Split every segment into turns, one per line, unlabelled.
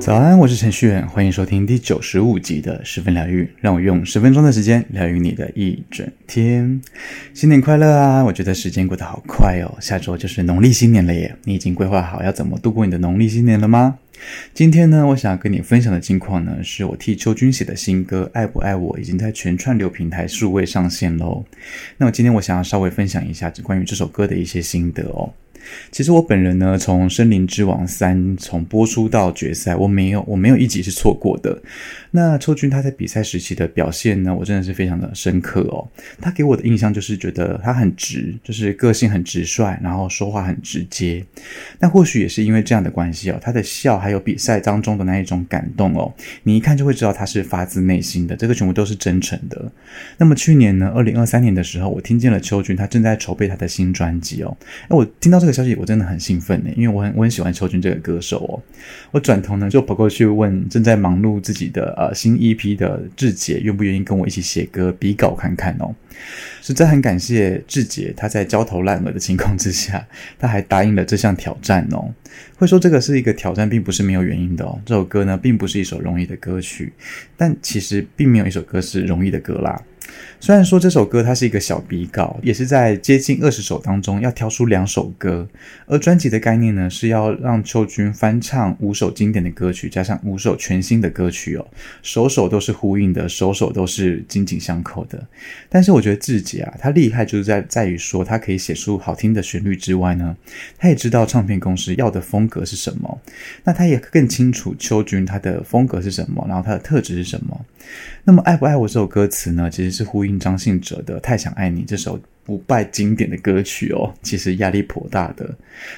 早安，我是徐旭遠，歡迎收聽第九十五集的十分療癒，讓我用十分鐘的時間療癒你的一整天。新年快樂啊！我覺得時間過得好快哦，下周就是農曆新年了耶。你已經規劃好要怎麼度過你的農曆新年了嗎？今天呢，我想要跟你分享的近況呢，是我替邱軍寫的新歌《愛不愛我》，已經在全串流平台數位上線嘍。那麼今天我想要稍微分享一下關於這首歌的一些心得哦。其實我本人呢，從《森林之王三》從播出到決賽，我沒有，我沒有一集是錯過的。那邱軍他在比賽時期的表現呢，我真的是非常的深刻哦。他給我的印象就是覺得他很直，就是個性很直率，然後說話很直接。那或許也是因為這樣的關係哦，他的笑還有比賽當中的那一種感動哦，你一看就會知道他是發自內心的，這個全部都是真誠的。那麼去年呢，二零二三年的時候，我聽見了邱軍他正在籌備他的新專輯哦。那我聽到這個消息，我真的很興奮呢，因為我很我很喜歡邱軍這個歌手哦。我轉頭呢就跑過去問正在忙碌自己的。呃，新一批的智杰願不願意跟我一起寫歌比稿看看哦？實在很感謝智杰，他在焦頭爛額的情況之下，他還答應了這項挑戰哦。會說這個是一個挑戰，並不是沒有原因的哦。這首歌呢，並不是一首容易的歌曲，但其實並沒有一首歌是容易的歌啦。雖然說這首歌它是一個小比稿，也是在接近二十首當中要挑出兩首歌，而專輯的概念呢，是要讓邱軍翻唱五首經典的歌曲，加上五首全新的歌曲哦，首首都是呼應的，首首都是緊緊相扣的。但是我覺得自己啊，他厲害就是在在於說他可以寫出好聽的旋律之外呢，他也知道唱片公司要的風格是什麼，那他也更清楚邱軍他的風格是什麼，然後他的特質是什麼。那麼愛不愛我這首歌詞呢？其實是呼應張信哲的《太想愛你》這首不敗經典的歌曲哦。其實壓力頗大的，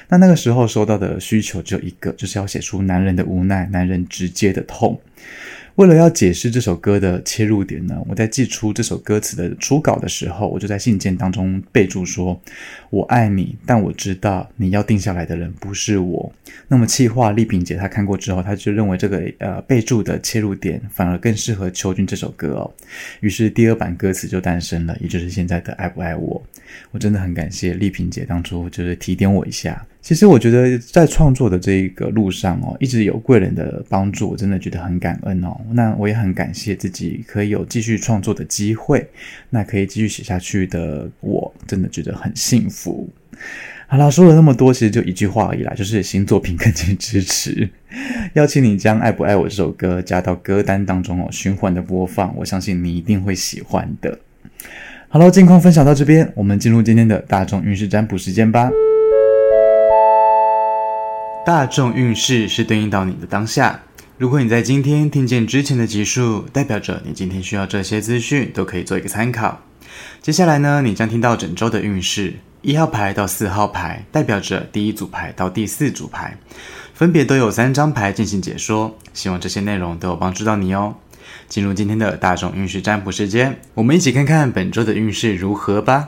那那個時候收到的需求只有一個，就是要寫出男人的無奈，男人直接的痛。為了要解釋這首歌的切入點呢，我在寄出這首歌詞的初稿的時候，我就在信件當中備注說：“我愛你，但我知道你要定下來的人不是我。”那麼氣話麗萍姐她看過之後，她就認為這個呃備注的切入點反而更適合邱軍這首歌哦。於是第二版歌詞就誕生了，也就是現在的《愛不愛我》。我真的很感謝麗萍姐當初就是提點我一下。其實我覺得在創作的這一個路上哦，一直有貴人的幫助，我真的覺得很感恩哦。那我也很感謝自己可以有繼續創作的機會，那可以繼續寫下去的我，我真的覺得很幸福。好啦，說了那麼多，其實就一句話而已啦，就是新作品，敬請支持。邀請你將《愛不愛我》這首歌加到歌單當中哦，循環的播放，我相信你一定會喜歡的。好了，近況分享到這邊，我們進入今天的大眾運勢占卜時間吧。大眾運勢是對應到你的當下。如果你在今天聽見之前的集數，代表着你今天需要這些資訊都可以做一個參考。接下來呢，你將聽到整周的運勢，一號牌到四號牌，代表着第一組牌到第四組牌，分別都有三張牌進行解說。希望這些內容都有幫助到你哦。進入今天的大眾運勢占卜時間，我們一起看看本周的運勢如何吧。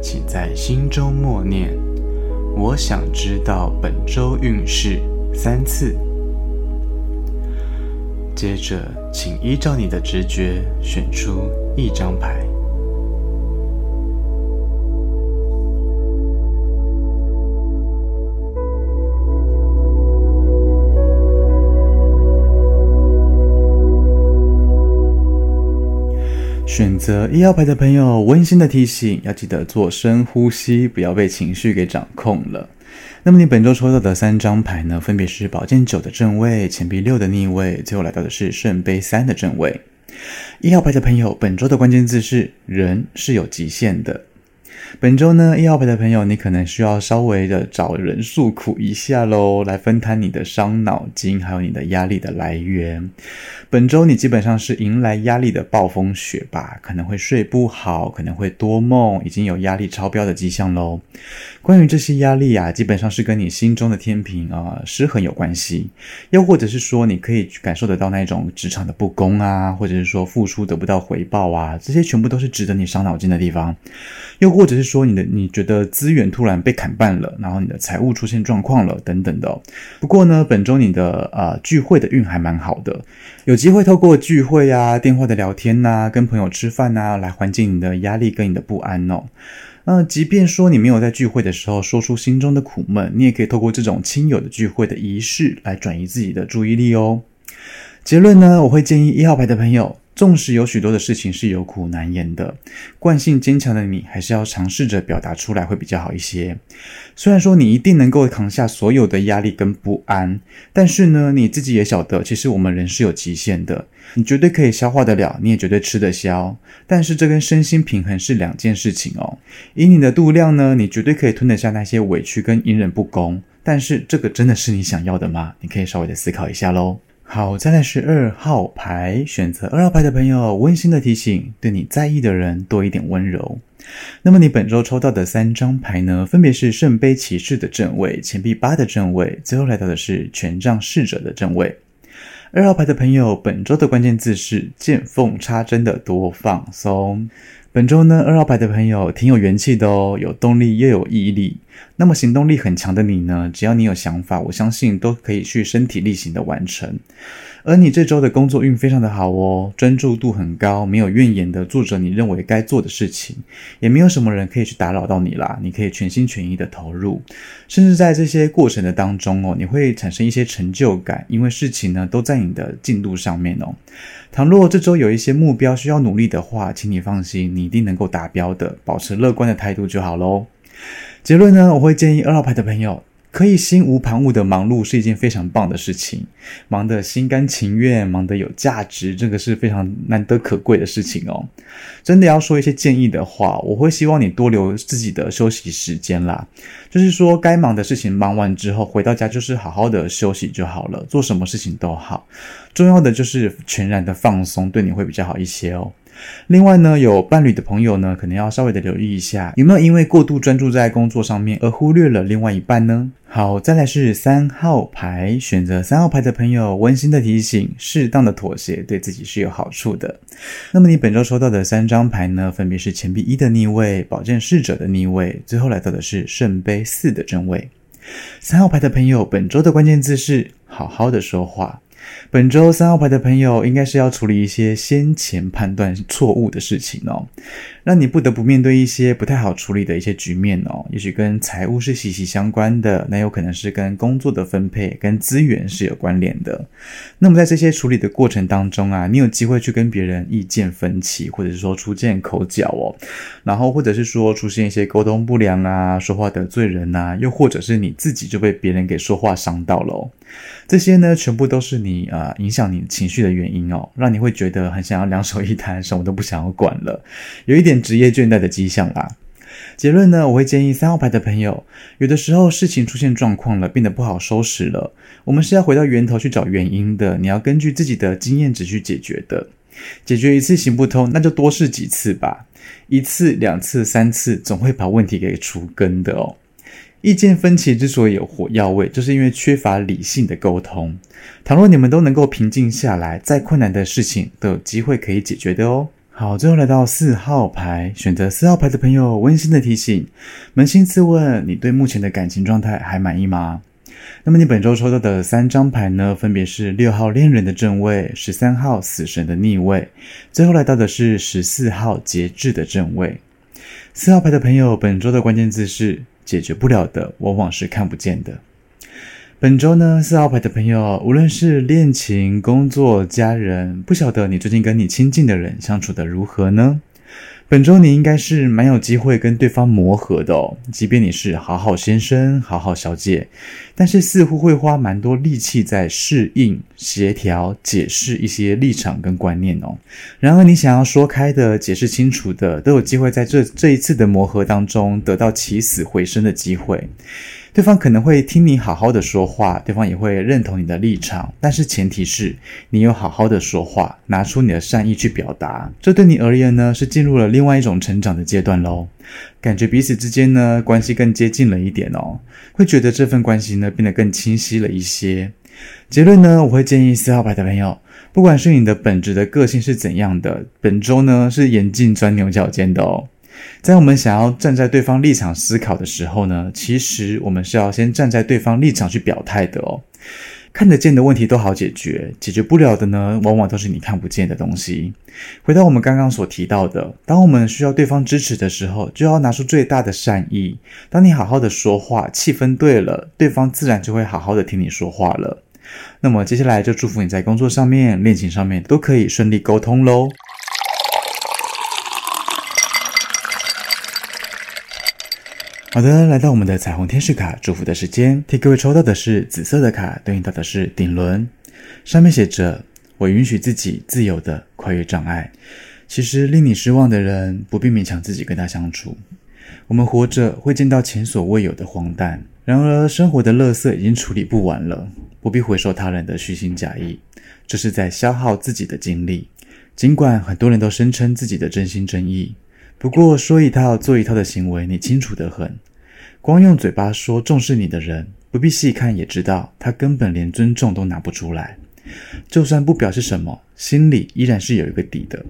請在心中默念：“我想知道本週運勢三次。”接着，請依照你的直覺選出一張牌。選擇一號牌的朋友，溫馨的提醒，要記得做深呼吸，不要被情緒給掌控了。那麼你本周抽到的三張牌呢？分別是寶劍九的正位、錢幣六的逆位，最後來到的是聖杯三的正位。一號牌的朋友，本周的關鍵字是：人是有極限的。本週呢，一號牌的朋友，你可能需要稍微的找人訴苦一下嘍，來分攤你的傷腦筋，還有你的壓力的來源。本週你基本上是迎來壓力的暴風雪吧，可能會睡不好，可能會多夢，已經有壓力超標的跡象嘍。關於這些壓力呀、啊，基本上是跟你心中的天平啊失衡有關係，又或者是說你可以感受得到那種職場的不公啊，或者是說付出得不到回報啊，這些全部都是值得你傷腦筋的地方，又或。只、就是說你的，你覺得資源突然被砍半了，然後你的財務出現狀況了等等的。不過呢，本周你的呃聚會的運還蠻好的，有機會透過聚會啊、電話的聊天吶、啊、跟朋友吃飯吶、啊、來緩解你的壓力跟你的不安哦。那、呃、即便說你沒有在聚會的時候說出心中的苦悶，你也可以透過這種親友的聚會的儀式來轉移自己的注意力哦。結論呢，我會建議一號牌的朋友。縱使有許多的事情是有苦難言的，慣性堅強的你還是要嘗試着表達出來會比較好一些。雖然說你一定能夠扛下所有的壓力跟不安，但是呢，你自己也曉得，其實我們人是有極限的。你絕對可以消化得了，你也絕對吃得消，但是這跟身心平衡是兩件事情哦。以你的度量呢，你絕對可以吞得下那些委屈跟隱忍不公，但是這個真的是你想要的嗎？你可以稍微的思考一下嘍。好，再來是二號牌。選擇二號牌的朋友，溫馨的提醒：對你在意的人多一點溫柔。那麼你本周抽到的三張牌呢，分別是聖杯騎士的正位、錢幣八的正位，最後來到的是權杖侍者的正位。二號牌的朋友，本周的關鍵字是見縫插針的多放鬆。本週呢，二號牌的朋友挺有元氣的哦，有動力又有毅力。那麼行動力很強的你呢，只要你有想法，我相信都可以去身體力行的完成。而你這周的工作運非常的好哦，專注度很高，沒有怨言的做着你認為該做的事情，也沒有什麼人可以去打擾到你啦。你可以全心全意的投入，甚至在這些過程的當中哦，你會產生一些成就感，因為事情呢都在你的進度上面哦。倘若這周有一些目標需要努力的話，請你放心。你一定能夠達標的，保持樂觀的態度就好嘍。結論呢，我會建議二號牌的朋友可以心無旁騖的忙碌是一件非常棒的事情，忙得心甘情願，忙得有價值，這個是非常難得可貴的事情哦。真的要說一些建議的話，我會希望你多留自己的休息時間啦，就是說該忙的事情忙完之後回到家就是好好的休息就好了，做什麼事情都好，重要的就是全然的放鬆，對你會比較好一些哦。另外呢，有伴侶的朋友呢，可能要稍微的留意一下，有沒有因為過度專注在工作上面而忽略了另外一半呢？好，再來是三號牌，選擇三號牌的朋友，溫馨的提醒，適當的妥協對自己是有好處的。那麼你本周抽到的三張牌呢，分別是錢幣一的逆位、寶劍侍者的逆位，最後來到的是聖杯四的正位。三號牌的朋友，本周的關鍵字是好好的說話。本週三號牌的朋友應該是要處理一些先前判斷錯誤的事情哦，讓你不得不面對一些不太好處理的一些局面哦，也許跟財務是息息相關的，那有可能是跟工作的分配跟資源是有關聯的。那麼在這些處理的過程當中啊，你有機會去跟別人意見分歧，或者是說出現口角哦，然後或者是說出現一些溝通不良啊，說話得罪人啊，又或者是你自己就被別人給說話傷到嘍。這些呢，全部都是你啊，呃，影響你情緒的原因哦，讓你會覺得很想要兩手一攤，什麼都不想要管了，有一點職業倦怠的跡象啦。結論呢，我會建議三號牌的朋友，有的時候事情出現狀況了，變得不好收拾了，我們是要回到源頭去找原因的，你要根據自己的經驗值去解決的。解決一次行不通，那就多試幾次吧，一次、兩次、三次，總會把問題給除根的哦。意見分歧之所以有火藥味，就是因為缺乏理性的溝通。倘若你們都能夠平靜下來，再困難的事情都有機會可以解決的哦。好，最後來到四號牌，選擇四號牌的朋友，溫馨的提醒：捫心自問，你對目前的感情狀態還滿意嗎？那麼你本周抽到的三張牌呢？分別是六號戀人的正位、十三號死神的逆位，最後來到的是十四號節制的正位。四號牌的朋友，本周的關鍵字是，解決不了的，往往是看不見的。本周呢，四號牌的朋友，無論是戀情、工作、家人，不曉得你最近跟你親近的人相處的如何呢？本週你應該是蠻有機會跟對方磨合的哦，即便你是好好先生、好好小姐，但是似乎會花蠻多力氣在適應、協調、解釋一些立場跟觀念哦。然而，你想要說開的、解釋清楚的，都有機會在這這一次的磨合當中得到起死回生的機會。對方可能會聽你好好的說話，對方也會認同你的立場，但是前提是你有好好的說話，拿出你的善意去表達。這對你而言呢，是進入了另外一種成長的階段嘍。感覺彼此之間呢，關係更接近了一點哦，會覺得這份關係呢變得更清晰了一些。結論呢，我會建議四號牌的朋友，不管是你的本質的個性是怎樣的，本周呢是嚴禁鑽牛角尖的哦。在我們想要站在對方立場思考的時候呢，其實我們是要先站在對方立場去表態的哦。看得見的問題都好解決，解決不了的呢，往往都是你看不見的東西。回到我們剛剛所提到的，當我們需要對方支持的時候，就要拿出最大的善意。當你好好的說話，氣氛對了，對方自然就會好好的聽你說話了。那麼接下來就祝福你在工作上面、戀情上面都可以順利溝通嘍。好的，來到我們的彩虹天使卡祝福的時間，替各位抽到的是紫色的卡，對應到的是頂輪，上面寫着：我允許自己自由地跨越障礙。其實令你失望的人，不必勉強自己跟他相處。我們活着會見到前所未有的荒誕，然而生活的垃圾已經處理不完了，不必回收他人的虛情假意，這是在消耗自己的精力。儘管很多人都聲稱自己的真心真意。不過說一套做一套的行為，你清楚得很。光用嘴巴說重視你的人，不必細看也知道，他根本連尊重都拿不出來。就算不表示什麼，心裡依然是有一個底的。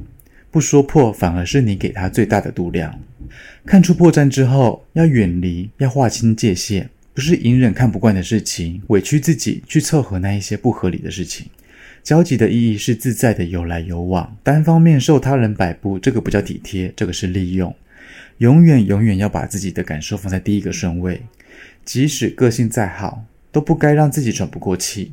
不說破，反而是你給他最大的度量。看出破綻之後，要遠離，要劃清界限，不是隱忍看不慣的事情，委屈自己去湊合那一些不合理的事情。交集的意義是自在的，有來有往，單方面受他人擺布，這個不叫體貼，這個是利用。永遠永遠要把自己的感受放在第一個順位，即使個性再好，都不該讓自己喘不過氣。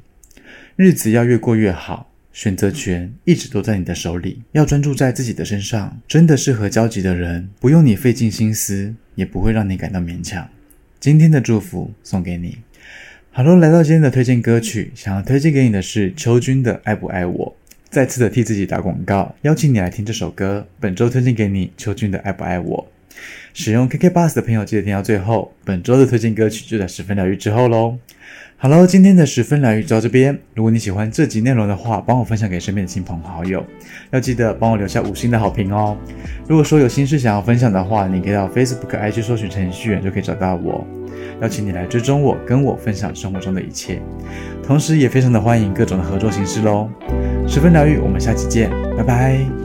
日子要越過越好，選擇權一直都在你的手裡，要專注在自己的身上。真的適合交集的人，不用你費盡心思，也不會讓你感到勉強。今天的祝福送給你。哈嘍，來到今天的推薦歌曲，想要推薦給你的是邱軍的《愛不愛我》，再次的替自己打廣告，邀請你來聽這首歌。本周推薦給你邱軍的《愛不愛我》，使用 KK Bus 的朋友記得聽到最後。本周的推薦歌曲就在十分療癒之後嘍。哈嘍，今天的十分療癒就到這邊。如果你喜歡這集內容的話，幫我分享給身邊的親朋好友，要記得幫我留下五星的好評哦。如果說有心事想要分享的話，你可以到 Facebook IG 搜尋程序員就可以找到我。邀請你來追蹤我，跟我分享生活中的一切，同時也非常的歡迎各種的合作形式嘍。十分療癒，我們下期見，拜拜。